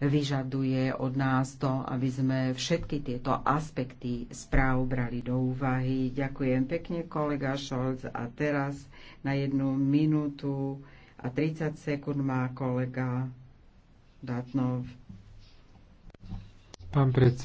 vyžaduje od nás to, aby sme všetky tieto aspekty správ brali do úvahy. Ďakujem pekne, kolega Šolc. A teraz na jednu minútu a 30 sekúnd má kolega Datnov. Pán predseda.